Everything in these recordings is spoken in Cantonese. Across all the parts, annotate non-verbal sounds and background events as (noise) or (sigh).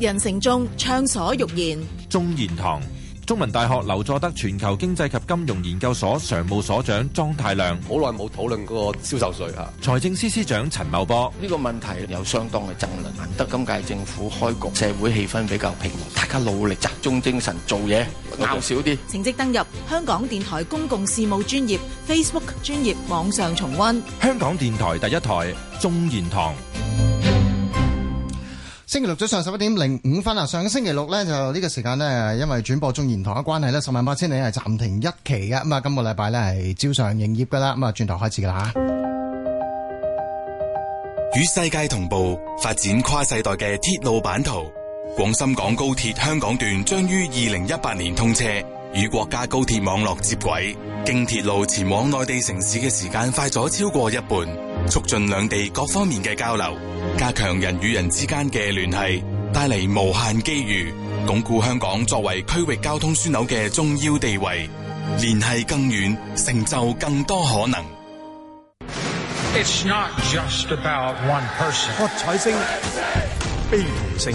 人成眾，暢所欲言。眾言堂，中文大學劉佐德全球經濟及金融研究所常務所長莊太量，好耐冇討論過銷售稅啊！財政司司長陳茂波，呢個問題有相當嘅爭論，難得今屆政府開局，社會氣氛比較平和，大家努力集中精神做嘢，鬧少啲。成績登入香港電台公共事務專業 Facebook 專業網上重溫。香港電台第一台，眾言堂。星期六早上十一點零五分啊！上個星期六咧，就呢個時間呢，因為轉播中言堂嘅關係咧，十萬八千里係暫停一期嘅。咁啊今個禮拜咧係照常營業噶啦，咁啊轉頭開始噶啦吓。與世界同步發展跨世代嘅鐵路版圖，廣深港高鐵香港段將於二零一八年通車，與國家高鐵網絡接軌，經鐵路前往內地城市嘅時間快咗超過一半。促進兩地各方面嘅交流，加強人與人之間嘅聯繫，帶嚟無限機遇，鞏固香港作為區域交通樞紐嘅重要地位，聯繫更遠，成就更多可能。悲情。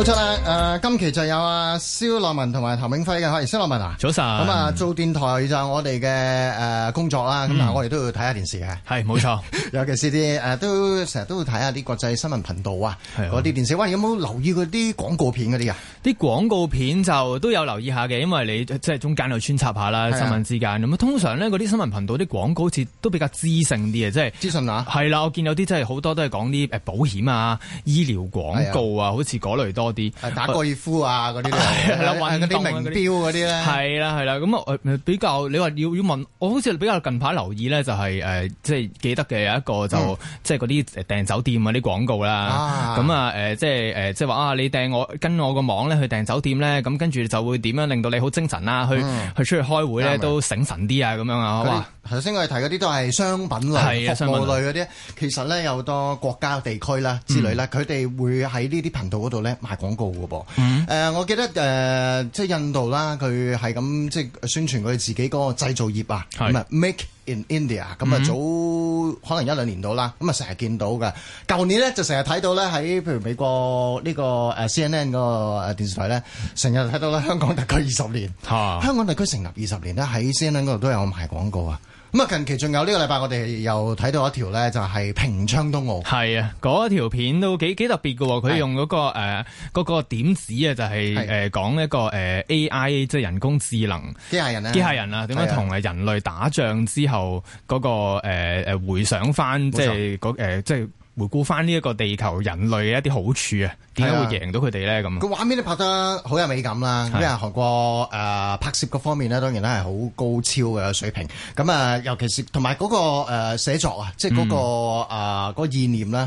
冇錯啦，誒、呃，今期就有阿蕭樂文同埋譚永輝嘅，係蕭樂文啊，早晨上，咁啊、嗯、做電台就我哋嘅誒工作啦、啊，咁啊、嗯嗯、我哋都要睇下電視嘅，係冇錯， (laughs) 尤其是啲誒、呃、都成日都會睇下啲國際新聞頻道啊，嗰啲、啊、電視，喂有冇留意嗰啲廣告片嗰啲啊？啲廣告片就都有留意下嘅，因為你即係、就是、中間有穿插下啦、啊、新聞之間，咁啊通常咧嗰啲新聞頻道啲廣告好似都比較知性啲啊，即係資訊啊，係啦，我見有啲真係好多都係講啲誒保險啊、醫療廣告啊，啊好似嗰類多。啲打高爾夫啊嗰啲，係啦，揾嗰啲名錶嗰啲咧，係啦係啦，咁啊比較你話要要問，我好似比較近排留意咧，就係誒即係記得嘅有一個就即係嗰啲訂酒店嗰啲廣告啦，咁啊誒即係誒即係話啊你訂我跟我個網咧去訂酒店咧，咁跟住就會點樣令到你好精神啦，去去出去開會咧都醒神啲啊咁樣啊，好嘛？頭先我哋提嗰啲都係商品類、服務類嗰啲，其實咧有好多國家地區啦之類啦，佢哋會喺呢啲頻道嗰度咧賣。廣告嘅噃、嗯呃，我記得誒、呃，即係印度啦，佢係咁即係宣傳佢自己嗰個製造業啊是，Make in India？咁啊、嗯，早可能一兩年到啦，咁啊，成日見到㗎。舊年咧就成日睇到咧，喺譬如美國呢個 CNN 嗰個電視台咧，成日睇到啦。香港特區二十年，啊、香港特區成立二十年呢，喺 CNN 嗰度都有賣廣告啊。咁啊，近期仲有呢、呢個禮拜，我哋又睇到一條咧，就係平昌冬奧。係啊，嗰條片都幾幾特別㗎，佢用嗰、嗰個誒嗰的、呃嗰個點子啊、就係，就係誒講一個誒、呃、A I 即係人工智能機械人啊，機械人啊，點樣同誒人類打仗之後嗰的、嗰個誒誒、呃、回想翻，即係嗰誒即係。回顧翻呢一個地球人類一啲好處啊，點解會贏到佢哋咧？咁個畫面都拍得好有美感啦，咁啊韓國誒、呃、拍攝嗰方面咧，當然係係好高超嘅水平。咁啊、呃，尤其是同埋嗰個誒寫、呃、作啊，即係嗰、那個誒、嗯呃那個意念啦。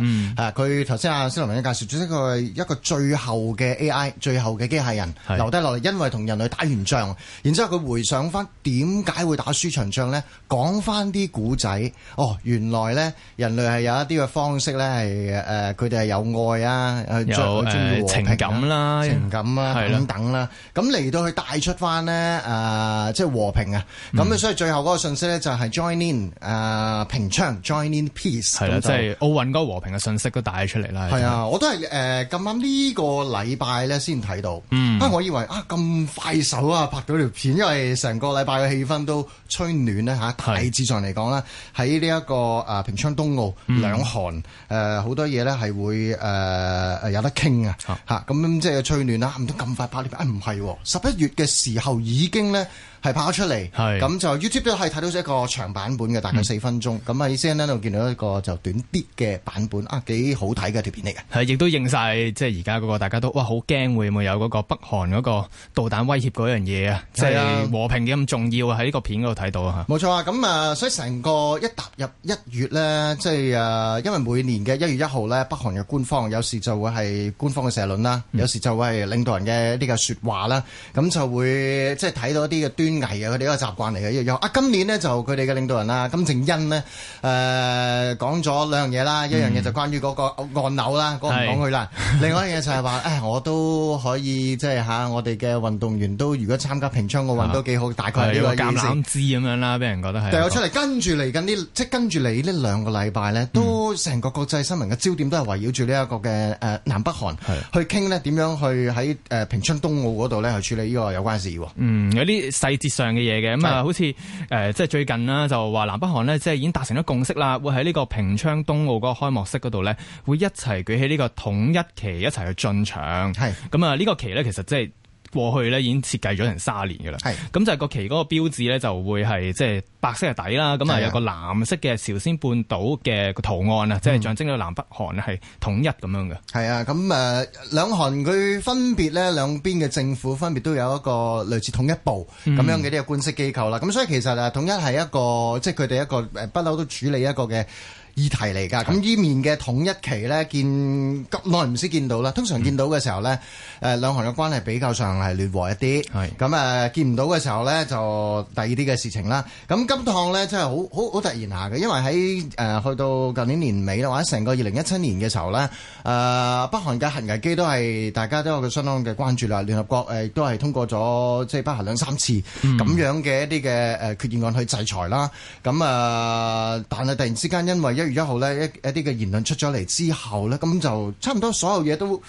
佢頭先阿司徒文英介紹，即係佢一個最後嘅 AI，最後嘅機械人的留低落嚟，因為同人類打完仗，然之後佢回想翻點解會打輸場仗咧？講翻啲古仔，哦，原來咧人類係有一啲嘅方式咧。即係誒，佢哋係有愛啊，有、呃、啊情感啦，情感啦、啊，的等等啦、啊。咁嚟到去帶出翻咧，誒、呃，即、就、係、是、和平啊。咁啊、嗯，所以最後嗰個信息咧就係 join in 誒、呃、平昌 join in peace 的。係啦等，即係奧運嗰個和平嘅信息都帶咗出嚟啦。係啊，我都係誒咁啱呢個禮拜咧先睇到、嗯。啊，我以為啊咁快手啊拍到條片，因為成個禮拜嘅氣氛都吹暖咧吓、啊。大致上嚟講咧，喺呢一個誒平昌冬奧兩韓。誒，好、呃、多嘢咧係會誒誒有得傾啊吓，咁、嗯、即係催暖啦，唔通咁快爆裂。啊唔係，十、哎、一、哦、月嘅時候已經咧。係跑出嚟，咁是就 YouTube 都係睇到一個長版本嘅，大概四分鐘。咁喺 CNN 度見到一個就短啲嘅版本，啊幾好睇嘅條片嚟嘅。係，亦都認晒，即係而家嗰個大家都哇，好驚會唔會有嗰個北韓嗰個導彈威脅嗰樣嘢啊！即係和平點咁重要喺呢個片嗰度睇到啊！冇錯啊！咁啊，所以成個一踏入一月咧，即係誒，因為每年嘅一月一號咧，北韓嘅官方有時就會係官方嘅社論啦，嗯、有時就會係領導人嘅呢個說話啦，咁就會即係睇到一啲嘅端。危啊！佢哋一個習慣嚟嘅，啊今年呢，就佢哋嘅領導人啦，金正恩呢，誒、呃、講咗兩樣嘢啦，嗯、一樣嘢就關於嗰、那個按鈕啦，嗰、那、唔、個、講佢啦，是另外一樣嘢就係話，誒、 (laughs) 哎、我都可以即係嚇我哋嘅運動員都如果參加平昌奧運都幾好，啊、大概呢個意思。橄欖枝咁樣啦，俾人覺得係。我出嚟跟住嚟緊呢，即係跟住嚟呢兩個禮拜呢，都成個國際新聞嘅焦點都係圍繞住呢一個嘅誒、呃、南北韓是去傾呢點樣去喺誒平昌冬奧嗰度呢去處理呢、這個有關事、嗯。有啲細，節上嘅嘢嘅，咁啊，好似誒，即係最近啦，就話南北韓咧，即係已經達成咗共識啦，會喺呢個平昌冬奧嗰個開幕式嗰度咧，會一齊舉起呢個統一旗，一齊去進場，係咁啊，呢個旗咧其實即係。過去咧已經設計咗成卅年嘅啦，咁就個旗嗰個標誌咧就會係即係白色嘅底啦，咁啊有個藍色嘅朝鮮半島嘅個圖案啊，即係象徵咗南北韓係統一咁樣嘅。係啊，咁誒兩韓佢分別咧兩邊嘅政府分別都有一個類似統一部咁樣嘅呢個官式機構啦，咁、嗯、所以其實啊統一係一個即係佢哋一個誒不嬲都處理一個嘅。議題嚟㗎，咁依面嘅統一旗咧，見咁耐唔少見到啦。通常見到嘅時候咧，誒、嗯、兩韓嘅關係比較上係緩和一啲。咁誒是見唔到嘅時候咧，就第二啲嘅事情啦。咁今趟咧真係好好好突然下嘅，因為喺誒、呃、去到舊年年尾啦，或者成個二零一七年嘅時候咧，誒、呃、北韓嘅核危機都係大家都有相當嘅關注啦。聯合國都係通過咗即係北韓兩三次咁樣嘅一啲嘅誒決議案去制裁啦。咁啊、嗯，但係突然之間因為一月一號咧，一一啲嘅言論出咗嚟之後咧，咁就差唔多所有嘢都。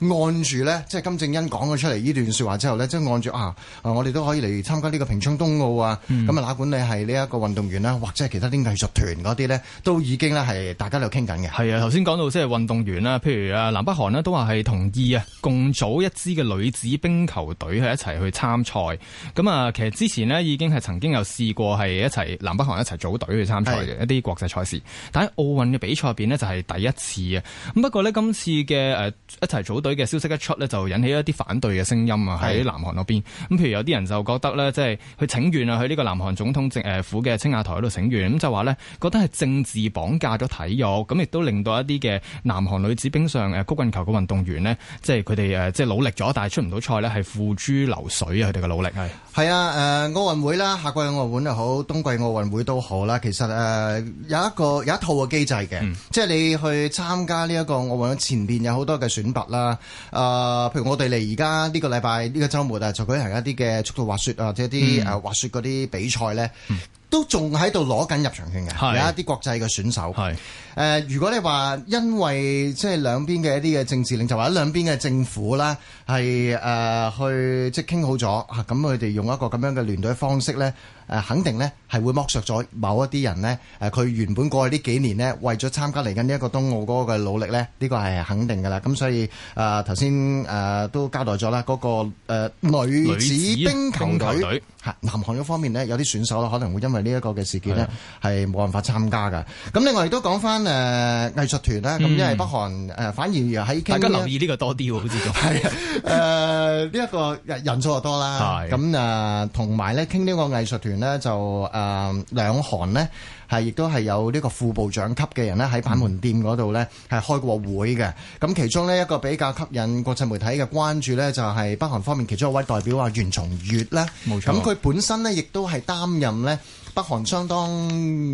按住咧，即係金正恩講咗出嚟呢段説話之後咧，即係按住啊，啊我哋都可以嚟參加呢個平昌冬奧啊。咁啊，哪管你係呢一個運動員啦，或者係其他啲藝術團嗰啲咧，都已經咧係大家都有傾緊嘅。係啊，頭先講到即係運動員啦，譬如啊，南北韓呢都話係同意啊，共組一支嘅女子冰球隊去一齊去參賽。咁啊，其實之前呢已經係曾經有試過係一齊南北韓一齊組隊去參賽嘅是的 一啲國際賽事，但喺奧運嘅比賽入邊呢，就係第一次啊。咁不過呢，今次嘅誒一齊組隊嘅消息一出呢，就引起一啲反對嘅聲音啊！喺南韓嗰邊，咁譬如有啲人就覺得，就是去去呃，就呢，即係佢請願啊，喺呢個南韓總統府嘅青瓦台度請願，咁就話呢覺得係政治綁架咗體育，咁亦都令到一啲嘅南韓女子冰上誒曲棍球嘅運動員呢，即係佢哋誒即係努力咗，但係出唔到賽呢，係付諸流水啊！佢哋嘅努力係係啊，誒奧運會啦，夏季奧運會又好，冬季奧運會都好啦。其實誒、呃、有一個有一套嘅機制嘅，嗯、即係你去參加呢、這、一個奧運，奧運前邊有好多嘅選拔啦。啊、呃，譬如我哋嚟而家呢個禮拜呢個周末啊，就舉行一啲嘅速度滑雪啊，或者啲誒滑雪嗰啲比賽咧。嗯嗯都仲喺度攞緊入場券嘅，有一啲國際嘅選手。係誒，如果你話因為即係兩邊嘅一啲嘅政治領袖或者兩邊嘅政府咧，係誒去即係傾好咗，咁佢哋用一個咁樣嘅聯隊方式咧，誒肯定咧係會剝削咗某一啲人咧，誒佢原本過去呢幾年咧為咗參加嚟緊呢一個冬奧嗰個努力咧，呢個係肯定嘅啦。咁所以誒頭先誒都交代咗啦，嗰個誒女子冰球隊嚇南韓嗰方面咧有啲選手咧可能會因為呢一個嘅事件咧，係冇辦法參加㗎。咁另外亦都講翻誒藝術團啦。咁因為北韓誒反而喺、嗯，大家留意呢個多啲喎，好似仲係誒呢一個人數又多啦。咁誒同埋咧，傾呢個藝術團咧，就誒、呃、兩韓咧。係，亦都係有呢個副部長級嘅人咧，喺板門店嗰度咧係開過會嘅。咁其中呢一個比較吸引國際媒體嘅關注咧，就係北韓方面其中一位代表啊，袁松月咧。冇錯。咁佢本身呢，亦都係擔任呢北韓相當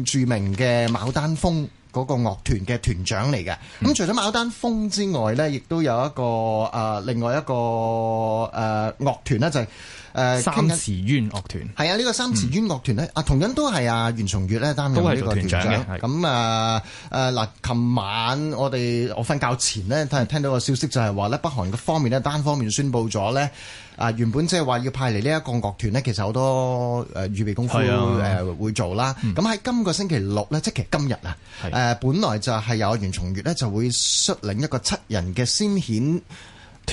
著名嘅牡丹峰嗰個樂團嘅團長嚟嘅。咁除咗牡丹峰之外呢，亦都有一個誒、呃，另外一個誒、呃、樂團呢，就係、是。呃、三池淵樂團係啊，呢、這個三池淵樂團咧啊，嗯、同樣都係啊袁松月咧擔任呢個團長，咁啊誒嗱，琴、呃呃、晚我哋我瞓覺前咧，聽聽到個消息就係話咧，北韓嘅方面咧單方面宣布咗咧啊，原本即係話要派嚟呢一個樂團咧，其實好多誒、呃、預備功夫誒的、呃、會做啦。咁喺今個星期六咧，即係其實今日啊是的、呃，本來就係有袁松月咧就會率領一個七人嘅先遣。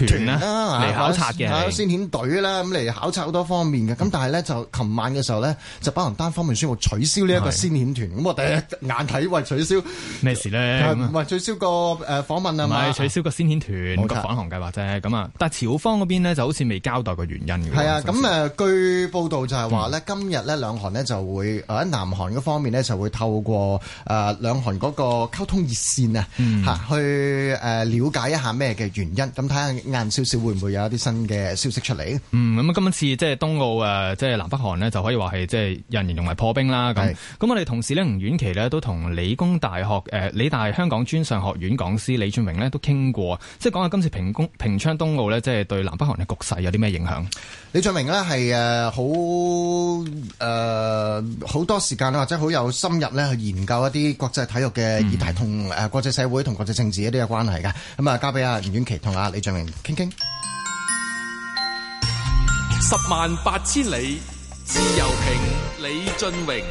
團啦，嚟考察嘅先遣隊啦，咁嚟考察好多方面嘅。咁但係咧，就琴晚嘅時候咧，就包含單方面宣布取消呢一個先遣團。咁我第一眼睇，喂，取消咩事咧？唔係取消個誒訪問啊嘛，唔係取消個先遣團個返航計劃啫。咁啊，但係朝方嗰邊咧就好似未交代個原因嘅。係啊，咁誒據報道就係話咧，今日咧兩韓呢，就會誒喺南韓嗰方面咧就會透過誒兩韓嗰個溝通熱線啊吓去誒了解一下咩嘅原因，咁睇下。硬少少，會唔會有一啲新嘅消息出嚟？嗯，咁啊，今次即係冬奧誒，即、呃、係南北韓呢，就可以話係即係人形容為破冰啦。咁是，咁我哋同事呢，吳婉琪呢都同理工大學誒、呃、理大香港專上學院講師李俊明呢都傾過，即係講下今次平，平昌冬奧呢，即係對南北韓嘅局勢有啲咩影響？李俊明呢係誒好誒好多時間或者好有深入呢去研究一啲國際體育嘅議題，同誒國際社會同國際政治都有關係嘅。咁、嗯、啊，交俾阿吳婉琪同阿李俊明。傾十萬八千里自由平。李俊榮，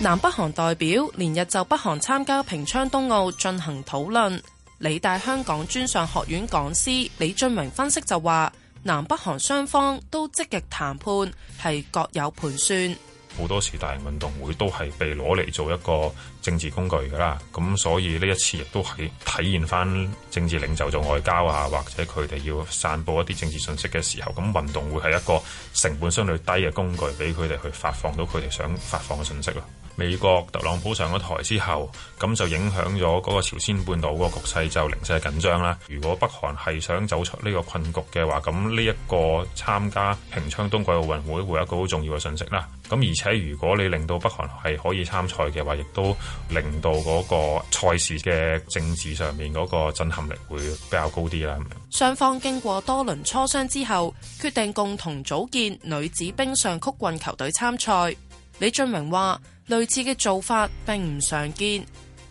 南北韓代表連日就北韓參加平昌冬奧進行討論。理大香港專上學院講師李俊榮分析就話，南北韓雙方都積極談判，係各有盤算。好多時大型運動會都係被攞嚟做一個政治工具㗎喇，咁所以呢一次亦都係體現返政治領袖做外交啊，或者佢哋要散佈一啲政治信息嘅時候，咁運動會係一個成本相對低嘅工具，畀佢哋去發放到佢哋想發放嘅信息咯。美國特朗普上咗台之後，咁就影響咗嗰個朝鮮半島個局勢，就零舍緊張啦。如果北韓係想走出呢個困局嘅話，咁呢一個參加平昌冬季奧運會會一個好重要嘅信息啦。咁而且如果你令到北韓係可以參賽嘅話，亦都令到嗰個賽事嘅政治上面嗰個震撼力會比較高啲啦。雙方經過多輪磋商之後，決定共同組建女子冰上曲棍球隊參賽。李俊明話。類似嘅做法並唔常見，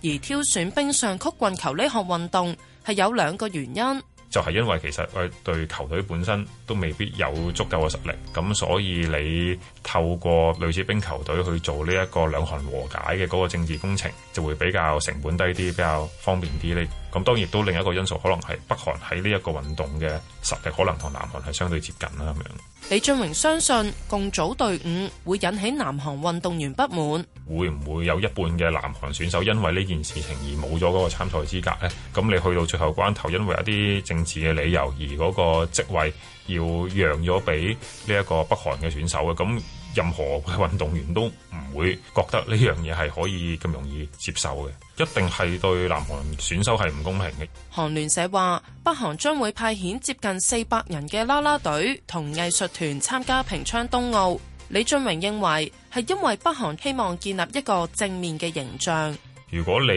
而挑選冰上曲棍球呢項運動係有兩個原因，就係因為其實誒對球隊本身都未必有足夠嘅實力，咁所以你透過類似冰球隊去做呢一個兩韓和解嘅嗰個政治工程，就會比較成本低啲，比較方便啲呢。咁當然亦都另一個因素，可能係北韓喺呢一個運動嘅實力，可能同南韓係相對接近啦咁樣，李俊榮相信共組隊伍會引起南韓運動員不滿，會唔會有一半嘅南韓選手因為呢件事情而冇咗嗰個參賽資格咧？咁你去到最後關頭，因為一啲政治嘅理由而嗰個職位要讓咗俾呢一個北韓嘅選手啊，咁。任何嘅運動員都唔會覺得呢樣嘢係可以咁容易接受嘅，一定係對南韓選手係唔公平嘅。韓聯社話北韓將會派遣接近四百人嘅啦啦隊同藝術團參加平昌冬奧，李俊榮認為，係因為北韓希望建立一個正面嘅形象。如果你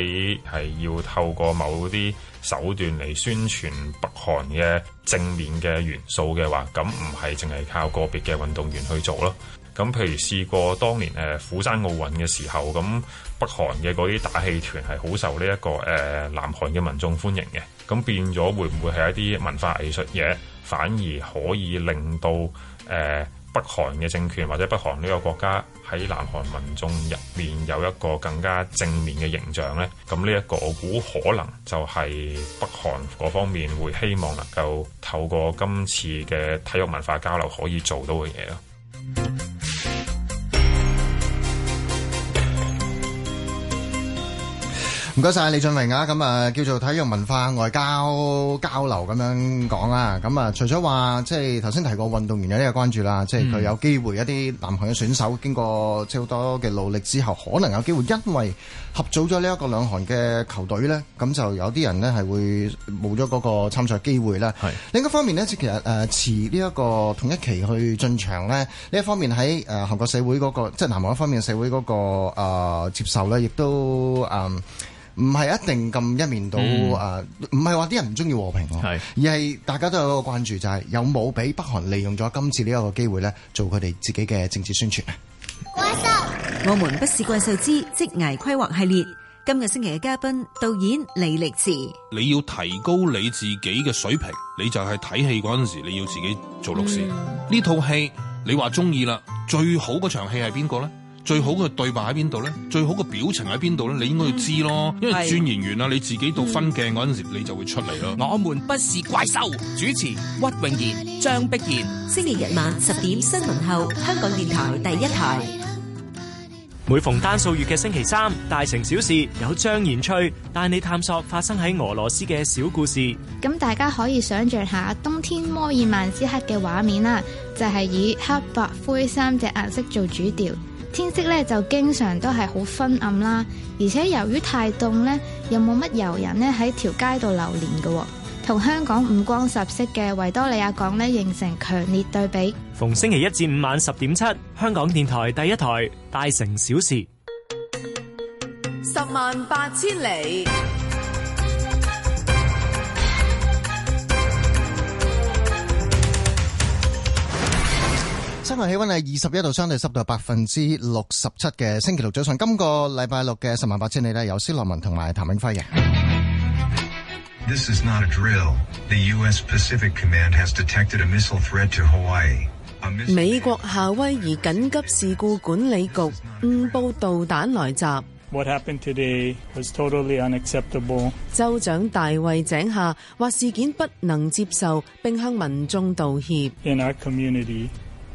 係要透過某啲手段嚟宣傳北韓嘅正面嘅元素嘅話，咁唔係淨係靠個別嘅運動員去做咯。咁，譬如試過當年誒釜山奧運嘅時候，咁北韓嘅嗰啲打氣團係好受呢一個誒南韓嘅民眾歡迎嘅。咁變咗會唔會係一啲文化藝術嘢，反而可以令到誒北韓嘅政權或者北韓呢個國家喺南韓民眾入面有一個更加正面嘅形象呢？咁呢一個我估可能就係北韓嗰方面會希望能夠透過今次嘅體育文化交流可以做到嘅嘢咯。唔該曬李俊明啊！咁啊叫做體育文化外交交流咁樣講啊！咁啊除咗話即係頭先提過運動員有啲嘅關注啦，即係佢有機會一啲南韓嘅選手經過超多嘅努力之後，可能有機會因為合組咗呢一個兩韓嘅球隊咧，咁就有啲人咧係會冇咗嗰個參賽機會啦。係另一方面咧，即係其實誒遲呢一個統一旗去進場咧，呢一方面喺誒韓國社會嗰個，即係南韓一方面嘅社會嗰個誒接受咧，亦都誒。唔係一定咁一面倒，嗯、啊！唔係話啲人唔中意和平咯，是而係大家都有一個關注就係有冇俾北韓利用咗今次呢一個機會咧，做佢哋自己嘅政治宣傳啊！怪獸汁，我們不是怪獸之職涯規劃系列，今個星期嘅嘉賓，導演李力持。你要提高你自己嘅水平，你就係睇戲嗰陣時，你要自己做律師呢套、嗯、戲你話中意啦，最好嗰場戲係邊個咧？最好嘅對白喺邊度呢？最好嘅表情喺邊度呢？你應該要知咯，是因為鑽研完啦，你自己度分鏡嗰陣時，是你就會出嚟咯。我們不是怪獸。主持屈永賢、張碧然。星期日晚十點新聞後，香港電台第一台。每逢單數月嘅星期三，大城小事有張延翠帶你探索發生喺俄羅斯嘅小故事。咁大家可以想像一下冬天摩爾曼斯克嘅畫面啦，就係、是、以黑白灰三隻顏色做主調。天色咧就經常都係好昏暗啦，而且由於太凍咧，又冇乜遊人咧喺條街度流連嘅，同香港五光十色嘅維多利亞港咧形成強烈對比。逢星期一至五晚十點七，香港電台第一台大城小事。十萬八千里。今日氣溫係二十一度，相對濕度百分之六十七嘅星期六早上。今個禮拜六嘅十萬八千里咧，有斯洛文同埋譚永輝嘅。美國夏威夷緊急事故管理局誤報導彈來襲。州長大衛井下話事件不能接受，並向民眾道歉。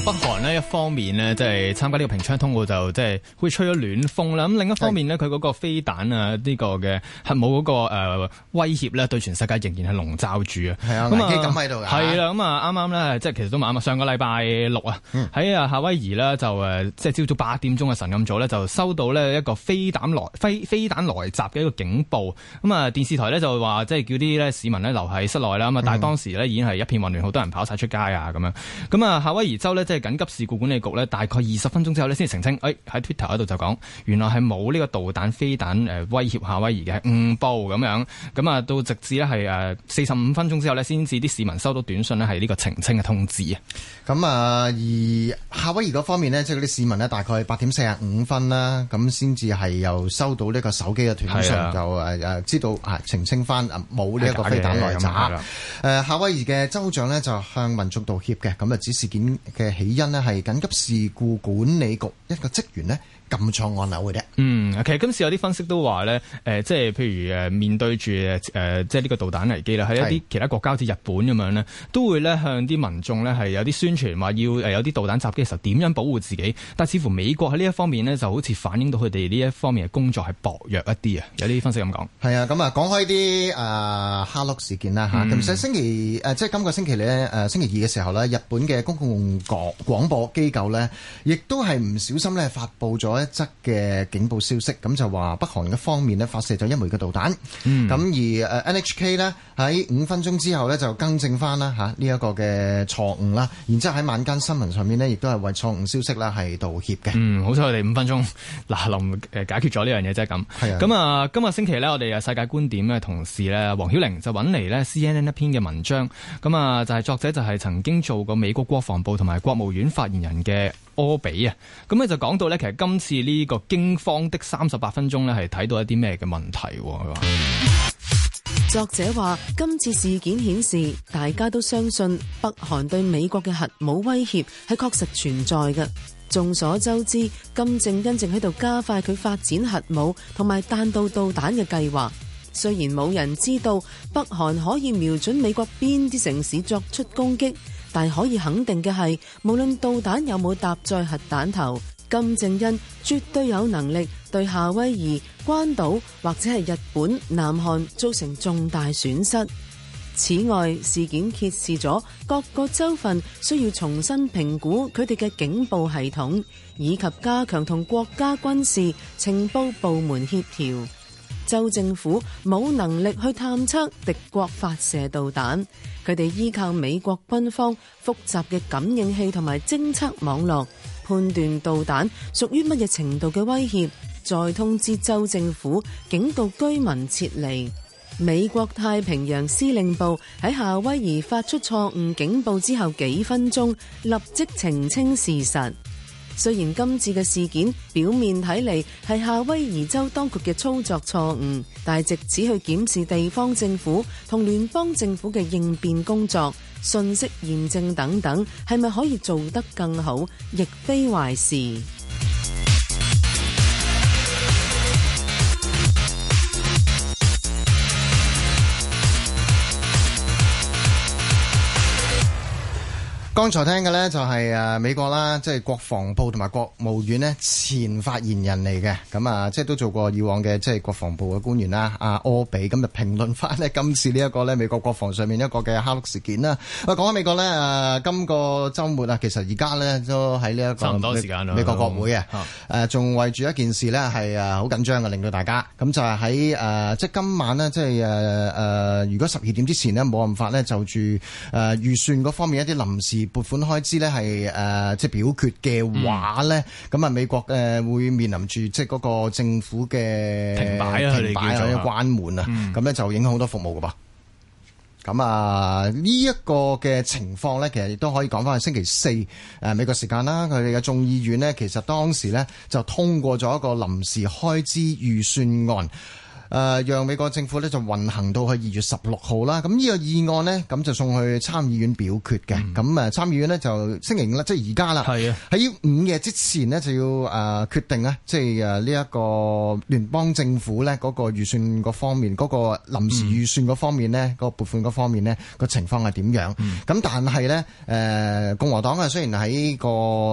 北韓咧一方面呢，即係參加呢個平昌冬奧就即係會吹咗暖風啦。咁另一方面呢，佢嗰是的 個飛彈啊，呢個嘅核武嗰個威脅呢，對全世界仍然係籠罩住啊。係啊的，咁啊、嗯，敏感喺度㗎。係啦，咁、嗯、啊，啱啱呢，即係其實都唔啱上個禮拜六啊，喺啊夏威夷呢，就誒即係朝早八點鐘嘅晨咁早呢，就收到呢一個飛彈來飛飛彈來襲嘅一個警報。咁啊，電視台呢，就話即係叫啲市民呢，留喺室內啦。咁啊，但係當時呢，已經係一片混亂，好多人跑晒出街啊咁樣。咁啊，夏威夷州呢。即係緊急事故管理局咧，大概二十分鐘之後咧，先澄清，誒喺 Twitter 嗰度就講，原來係冇呢個導彈飛彈誒威脅夏威夷嘅誤報咁樣，咁啊到直至咧係誒四十五分鐘之後咧，先至啲市民收到短信咧係呢個澄清嘅通知啊，咁啊而。嗯嗯嗯嗯夏威夷嗰方面呢，即係嗰啲市民呢，大概八點四十五分啦，咁先至係又收到呢個手機嘅短信，的就知道啊澄清返啊冇呢一個飛彈來襲。誒夏威夷嘅州長呢，就向民眾道歉嘅，咁啊指事件嘅起因呢，係緊急事故管理局一個職員呢，撳錯按鈕嘅啫。嗯，其實今次有啲分析都話咧，即、呃、係譬如面對住、呃、即係呢個導彈危機啦，喺一啲其他國家似日本咁樣呢，都會咧向啲民眾咧係有啲宣傳，話要有啲導彈襲擊嘅時候點樣保護自己。但似乎美國喺呢一方面呢，就好似反映到佢哋呢一方面嘅工作係薄弱一啲啊。有啲分析咁講。係啊，咁啊講開啲誒、呃、蝦碌事件啦嚇。咁、嗯、星期、呃、即係今個星期咧星期二嘅時候咧，日本嘅公共廣播機構咧，亦都係唔小心咧發布咗。一則嘅警報消息，咁就話北韓一方面咧發射咗一枚嘅導彈，咁、嗯、而誒 NHK 呢，喺五分鐘之後呢，就更正翻啦吓呢一個嘅錯誤啦，然之後喺晚間新聞上面呢，亦都係為錯誤消息啦係道歉嘅。嗯，好彩我哋五分鐘嗱，臨誒解決咗呢樣嘢啫咁。係啊的，咁啊、呃、今日星期呢，我哋嘅世界觀點嘅同事咧，黃曉玲就揾嚟呢 CNN 一篇嘅文章，咁啊就係作者就係曾經做過美國國防部同埋國務院發言人嘅。波比啊，咁咧就講到咧，其實今次呢個驚慌的三十八分鐘咧，係睇到一啲咩嘅問題？話作者話，今次事件顯示，大家都相信北韓對美國嘅核武威脅係確實存在嘅。眾所周知，金正恩正喺度加快佢發展核武同埋彈道導彈嘅計劃。雖然冇人知道北韓可以瞄準美國邊啲城市作出攻擊。但可以肯定嘅係，無論導彈有冇搭載核彈頭，金正恩絕對有能力對夏威夷、關島或者係日本、南韓造成重大損失。此外，事件揭示咗各個州份需要重新評估佢哋嘅警報系統，以及加強同國家軍事情報部門協調。州政府冇能力去探測敵國發射導彈，佢哋依靠美國軍方複雜嘅感應器同埋偵測網絡判斷導彈屬於乜嘢程度嘅威脅，再通知州政府警告居民撤離。美國太平洋司令部喺夏威夷發出錯誤警報之後幾分鐘，立即澄清事實。雖然今次嘅事件表面睇嚟，係夏威夷州當局嘅操作錯誤，但係藉此去檢視地方政府同聯邦政府嘅應變工作、信息驗證等等，係咪可以做得更好，亦非壞事。剛才聽嘅咧就係誒美國啦，即係國防部同埋國務院咧前發言人嚟嘅，咁啊即係都做過以往嘅即係國防部嘅官員啦，阿柯比咁就評論翻咧今次呢一個咧美國國防上面一個嘅蝦碌事件啦。喂，講下美國咧，誒、呃、今個周末啊，其實而家咧都喺呢一個差唔多時間美國國會啊，誒仲為住一件事咧係誒好緊張嘅，令到大家咁就係喺誒即係今晚咧，即係誒誒如果十二點之前咧冇辦法咧，就住誒預算嗰方面一啲臨時。撥款開支咧係誒，即係表決嘅話咧，咁啊、嗯、美國誒會面臨住即係嗰個政府嘅停擺啊、停擺咗、關門啊，咁咧、嗯、就影響好多服務嘅噃。咁啊呢一個嘅情況咧，其實亦都可以講翻係星期四誒美國時間啦。佢哋嘅眾議院呢，其實當時咧就通過咗一個臨時開支預算案。誒，讓美國政府呢就運行到去二月十六號啦。咁呢個議案呢，咁就送去參議院表決嘅。咁誒、嗯，參議院呢，就星期五啦，即係而家啦。啊，喺午夜之前呢、呃，就要誒決定呢，即係誒呢一個聯邦政府呢，嗰個預算嗰方面、嗰、那個臨時預算嗰方面呢，嗰、嗯、個撥款嗰方面呢，那個情況係點樣？咁、嗯、但係呢，誒、呃、共和黨啊，雖然喺、那個誒、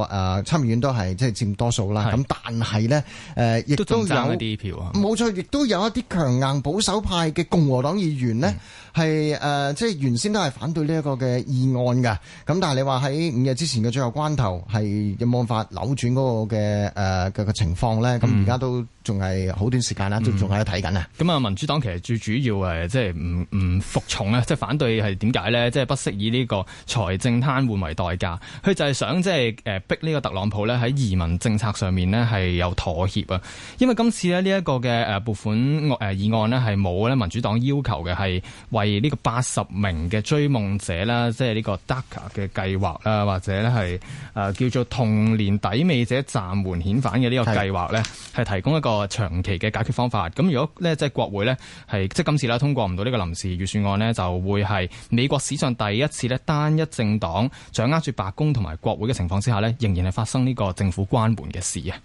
呃、參議院都係即係佔多數啦，咁的但係呢，誒、呃、亦都有啲票啊，冇錯亦都有一啲。強硬保守派嘅共和黨議員呢，嗯係誒、呃，即係原先都係反對呢一個嘅議案嘅，咁但係你話喺五日之前嘅最後關頭，係有冇辦法扭轉嗰個嘅誒、呃、情況咧，咁而家都仲係好短時間啦，都仲喺度睇緊啊！咁啊，嗯、民主黨其實最主要誒，即係唔唔服從咧，即係反對係點解咧？即係不惜以呢個財政癱瘓為代價，佢就係想即係逼呢個特朗普咧喺移民政策上面呢係有妥協啊！因為今次咧呢一個嘅誒撥款議案呢係冇咧民主黨要求嘅係係呢個八十名嘅追夢者啦，即係呢個 DACA 嘅計劃啦，或者咧係誒叫做童年抵美者暫緩遣返嘅呢個計劃咧，係是提供一個長期嘅解決方法。咁如果咧即係國會咧係即係今次啦通過唔到呢個臨時預算案咧，就會係美國史上第一次咧單一政黨掌握住白宮同埋國會嘅情況之下咧，仍然係發生呢個政府關門嘅事啊。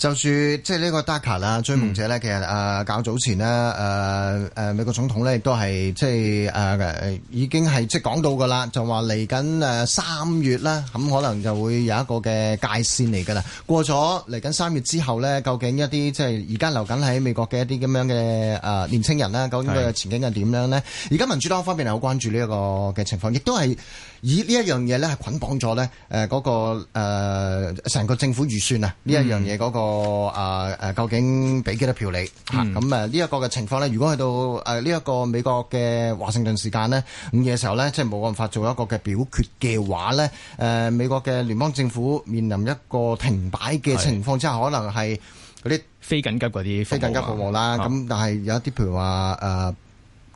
就算即係呢個 DACA 啦，追夢者咧，其實誒、呃、較早前咧，誒、呃、誒、呃、美國總統咧亦都係即誒誒、呃、已經係即係講到噶啦，就話嚟緊誒三月啦，咁可能就會有一個嘅界線嚟噶啦。過咗嚟緊三月之後咧，究竟一啲即係而家留緊喺美國嘅一啲咁樣嘅誒、呃、年輕人啦，究竟佢嘅前景係點樣咧？而家是民主黨方面係好關注呢一個嘅情況，亦都係以呢一樣嘢咧係捆綁咗咧誒嗰誒成個政府預算啊呢一樣嘢嗰個誒誒，究竟俾幾多票你？咁誒呢一個嘅情況咧，如果去到誒呢一個美國嘅華盛頓時間呢，午夜嘅時候呢，即係冇辦法做一個嘅表決嘅話呢，誒美國嘅聯邦政府面臨一個停擺嘅情況之下，可能係嗰啲非緊急嗰啲非緊急服務啦，咁、啊、但係有一啲譬如話誒，呃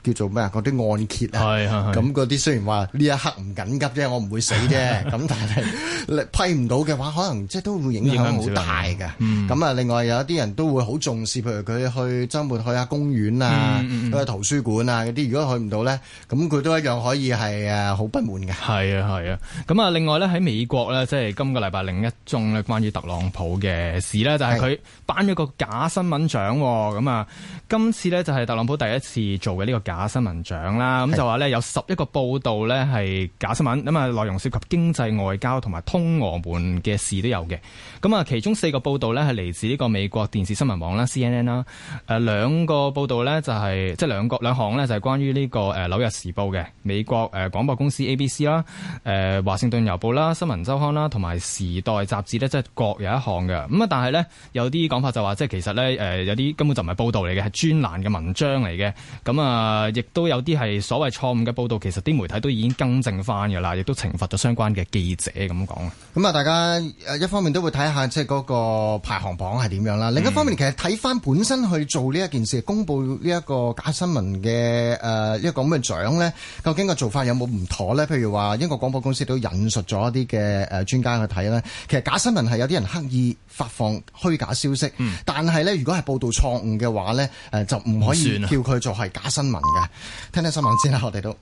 叫做咩啊？嗰啲按揭啊，咁嗰啲雖然話呢一刻唔緊急啫，我唔會死啫。咁但係批唔到嘅話，可能即係都會影響好大嘅。咁啊，另外有一啲人都會好重視，譬如佢去週末去下公園啊，去圖書館啊嗰啲。如果去唔到咧，咁佢都一樣可以係誒好不滿嘅。係啊，係啊。咁啊，另外咧喺美國咧，即係今個禮拜另一宗咧，關於特朗普嘅事咧，就係佢頒咗個假新聞獎。咁啊，今次咧就係特朗普第一次做嘅呢個假假新聞獎啦，咁就話咧有十一個報道咧係假新聞，咁啊內容涉及經濟、外交同埋通俄門嘅事都有嘅。咁啊，其中四個報道咧係嚟自呢個美國電視新聞網啦 （CNN） 啦，誒兩個報道咧就係、是、即係兩個兩項咧就係關於呢個誒紐約時報嘅美國誒廣播公司 （ABC） 啦、誒華盛頓郵報啦、新聞週刊啦同埋時代雜誌咧，即、就、係、是、各有一項嘅。咁啊，但係咧有啲講法就話即係其實咧誒有啲根本就唔係報道嚟嘅，係專欄嘅文章嚟嘅。咁、嗯、啊～亦都有啲係所謂錯誤嘅報道，其實啲媒體都已經更正翻噶啦，亦都懲罰咗相關嘅記者咁講。咁啊，大家誒，一方面都會睇下即係嗰個排行榜係點樣啦，嗯、另一方面其實睇翻本身去做呢一件事，公布呢一個假新聞嘅誒一個咁嘅獎呢，究竟個做法有冇唔妥呢？譬如話英國廣播公司都引述咗一啲嘅誒專家去睇咧，其實假新聞係有啲人刻意發放虛假消息，嗯、但係呢，如果係報道錯誤嘅話呢，誒就唔可以叫佢做係假新聞。聽聽新聞先啦，啊，我哋都。